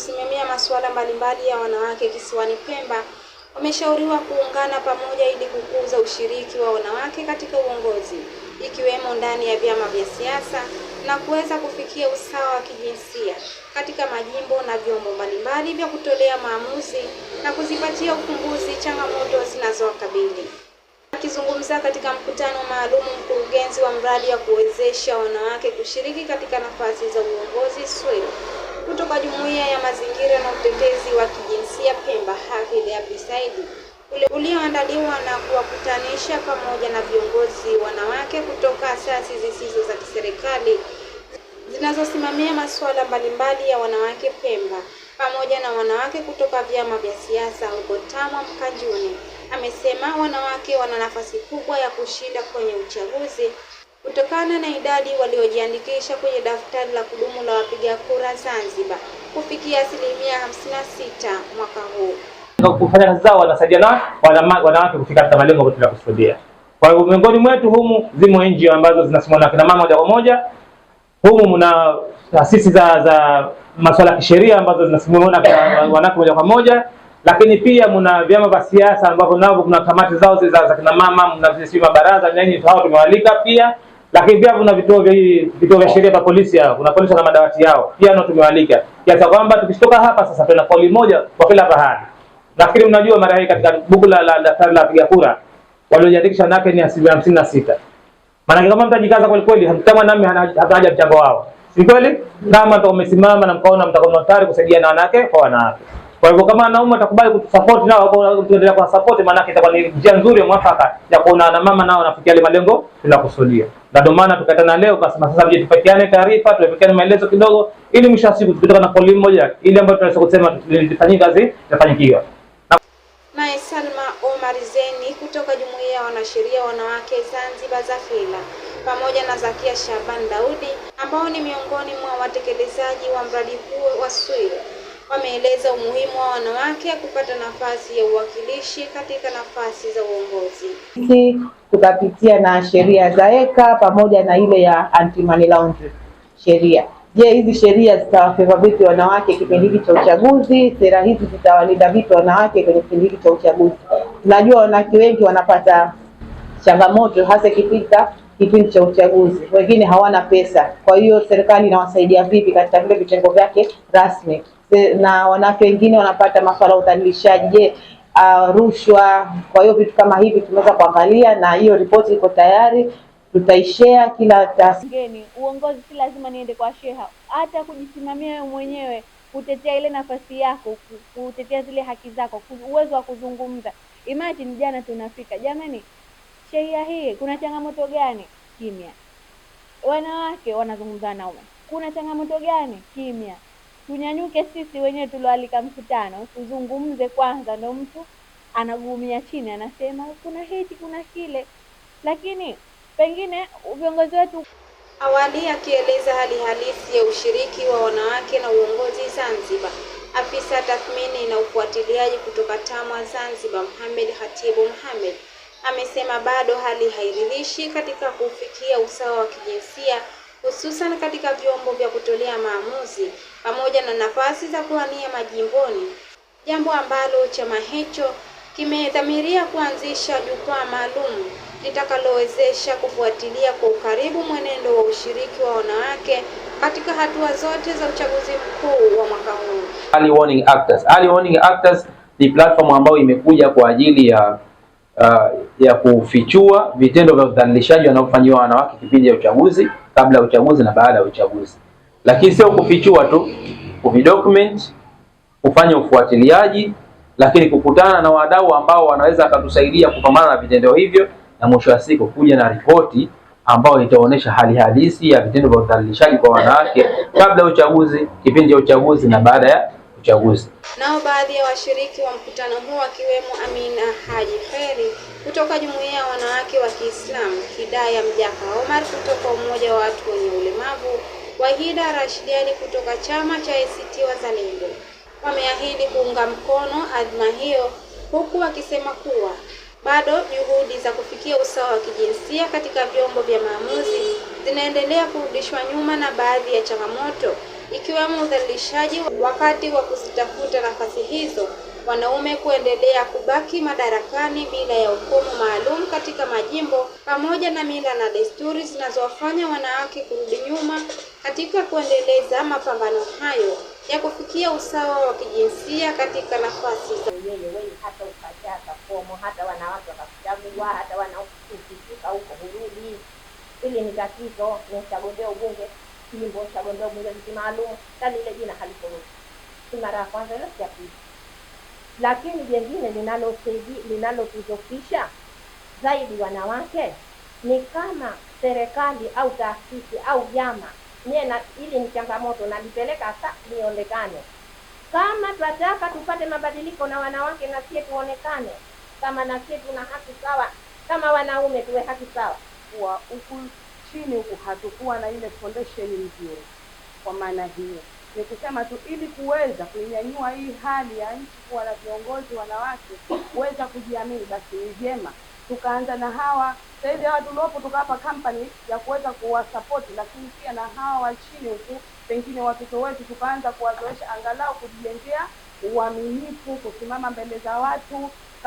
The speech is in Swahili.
wanaosimamia masuala mbalimbali ya wanawake kisiwani Pemba wameshauriwa kuungana pamoja ili kukuza ushiriki wa wanawake katika uongozi ikiwemo ndani ya vyama vya siasa na kuweza kufikia usawa wa kijinsia katika majimbo na vyombo mbalimbali vya kutolea maamuzi na kuzipatia ufumbuzi changamoto zinazowakabili. Akizungumza katika mkutano maalum, mkurugenzi wa mradi wa kuwezesha wanawake kushiriki katika nafasi za uongozi SWIL kutoka Jumuiya ya Mazingira na Utetezi wa Kijinsia Pemba Haki Herbicide ulioandaliwa na kuwakutanisha pamoja na viongozi wanawake kutoka asasi zisizo za kiserikali zinazosimamia masuala mbalimbali ya wanawake Pemba pamoja na wanawake kutoka vyama vya siasa huko TAMWA Mkanjuni, amesema wanawake wana nafasi kubwa ya kushinda kwenye uchaguzi kutokana na idadi waliojiandikisha kwenye daftari la kudumu la wapiga kura Zanzibar kufikia asilimia sita mwaka huu. Kufanya kazi zao wanasaidia na wanawake kufika katika malengo ambayo tunakusudia. Kwa hiyo miongoni mwetu humu zimo NGO ambazo zinasimama na kina mama moja kwa moja. Humu mna taasisi za za masuala ya kisheria ambazo zinasimama na wanawake moja kwa moja, lakini pia mna vyama vya siasa ambavyo navyo kuna kamati zao za kina mama, mna mabaraza, nyinyi hao tumewalika pia lakini pia kuna vituo vya vituo vya sheria vya polisi hao, kuna polisi na madawati yao pia nao tumewaalika, kiasi kwamba tukishtoka hapa sasa tuna kauli moja kwa kila pahali. Nafikiri mnajua mara hii katika buku la daftari la wapiga kura waliojiandikisha nake ni asilimia hamsini na sita. Maana kama mtajikaza kweli kweli, hamtama nami hataja mchango wao, si kweli? Kama mtakuwa mmesimama na mkaona mtakuwa tayari kusaidia na wanawake kwa wanawake kwa hivyo kama wanaume watakubali kutusupport nao au wanaweza kwa support, maana yake itakuwa ni njia nzuri ya mwafaka ya kuona na mama nao wanafikia yale malengo tunakusudia. Na ndio maana tukatana leo kasema sasa mje tupatiane taarifa, tupeane maelezo kidogo ili mwisho wa siku tukitoka na kauli moja ile ambayo tunaweza kusema tulifanyika kazi tafanyikiwa. Naye Salma Omar Zeni kutoka Jumuiya ya Wanasheria Wanawake Zanzibar ZAFELA pamoja na Zakia Shaban Daudi ambao ni miongoni mwa watekelezaji wa mradi huo wa SWIL wameeleza umuhimu wa wanawake kupata nafasi ya uwakilishi katika nafasi za uongozi. Tukapitia na sheria za ECA pamoja na ile ya anti money laundering sheria. Je, hizi sheria zitawafeva vipi wanawake kipindi hiki cha uchaguzi? Sera hizi zitawalinda vipi wanawake kwenye kipindi hiki cha uchaguzi? Tunajua wanawake wengi wanapata changamoto hasa kipita kipindi cha uchaguzi, wengine hawana pesa. Kwa hiyo serikali inawasaidia vipi katika vile vitengo vyake rasmi? na wanawake wengine wanapata masuala ya udhalilishaji. Je, uh, rushwa? Kwa hiyo vitu kama hivi tumeweza kuangalia, na hiyo ripoti iko tayari, tutaishare kila taasisi. Uongozi si lazima niende kwa sheha, hata kujisimamia wewe mwenyewe, kutetea ile nafasi yako, kutetea zile haki zako, uwezo wa kuzungumza. Imagine jana tunafika, jamani, shehia hii kuna changamoto gani? Kimya. Wanawake wanazungumza wanaume, kuna changamoto gani? Kimya. Tunyanyuke sisi wenyewe tulioalika mkutano, tuzungumze kwanza. Ndo mtu anagumia chini anasema kuna hiki kuna kile, lakini pengine viongozi wetu. Awali akieleza hali halisi ya ushiriki wa wanawake na uongozi Zanzibar, afisa tathmini na ufuatiliaji kutoka TAMWA Zanzibar Mohamed Hatibu Mohamed amesema bado hali hairidhishi katika kufikia usawa wa kijinsia hususan katika vyombo vya kutolea maamuzi pamoja na nafasi za kuwania majimboni, jambo ambalo chama hicho kimedhamiria kuanzisha jukwaa maalum litakalowezesha kufuatilia kwa ukaribu mwenendo wa ushiriki wa wanawake katika hatua zote za uchaguzi mkuu wa mwaka huu. Early warning actors. Early warning actors ni platform ambayo imekuja kwa ajili ya uh, ya kufichua vitendo vya udhalilishaji wanaofanyiwa wanawake kipindi ya uchaguzi, kabla ya uchaguzi na baada ya uchaguzi. Lakini sio kufichua tu, kuvidocument, kufanya ufuatiliaji, lakini kukutana na wadau ambao wanaweza wakatusaidia kupambana na vitendo hivyo, na mwisho wa siku kuja na ripoti ambayo itaonyesha hali halisi ya vitendo vya udhalilishaji kwa wanawake kabla ya uchaguzi, kipindi cha uchaguzi na baada ya uchaguzi. Nao baadhi ya washiriki wa mkutano huo akiwemo Amina Haji Kheri kutoka jumuiya ya wanawake wa Kiislamu, Hidaya Mjaka Omar kutoka umoja wa watu wenye ulemavu, Wahida Rashidiani kutoka chama cha ACT Wazalendo wameahidi kuunga mkono azma hiyo, huku wakisema kuwa bado juhudi za kufikia usawa wa kijinsia katika vyombo vya maamuzi zinaendelea kurudishwa nyuma na baadhi ya changamoto ikiwemo udhalilishaji wakati wa kuzitafuta nafasi hizo, wanaume kuendelea kubaki madarakani bila ya ukomo maalum katika majimbo, pamoja na mila na desturi zinazowafanya wanawake kurudi nyuma katika kuendeleza mapambano hayo ya kufikia usawa wa kijinsia katika nafasi za yeye hata hata wanawake wakakuchagua hata huko hurudi, ili ni tatizo, nitagombea ubunge jimbo chagombea uongozi maalum, yaani ile jina halifurushi. Si mara ya kwanza ya pili. Lakini jengine linalosaidia linalotuzofisha zaidi wanawake ni kama serikali au taasisi au vyama mie na ili ni changamoto nalipeleka hasa nionekane kama tunataka tupate mabadiliko na wanawake, na sie tuonekane kama na sie tuna haki sawa kama wanaume, tuwe haki sawa kuwa chini huku hatukuwa na ile foundation nzuri. Kwa maana hiyo ni kusema tu, ili kuweza kuinyanyua hii hali ya nchi kuwa na viongozi wanawake kuweza kujiamini, basi ni vyema tukaanza na hawa sasa hivi hawa tuliopo, tukawapa company ya kuweza kuwasapoti, lakini pia na hawa wa chini huku, pengine watoto wetu tukaanza kuwazoesha angalau kujijengea uaminifu, kusimama mbele za watu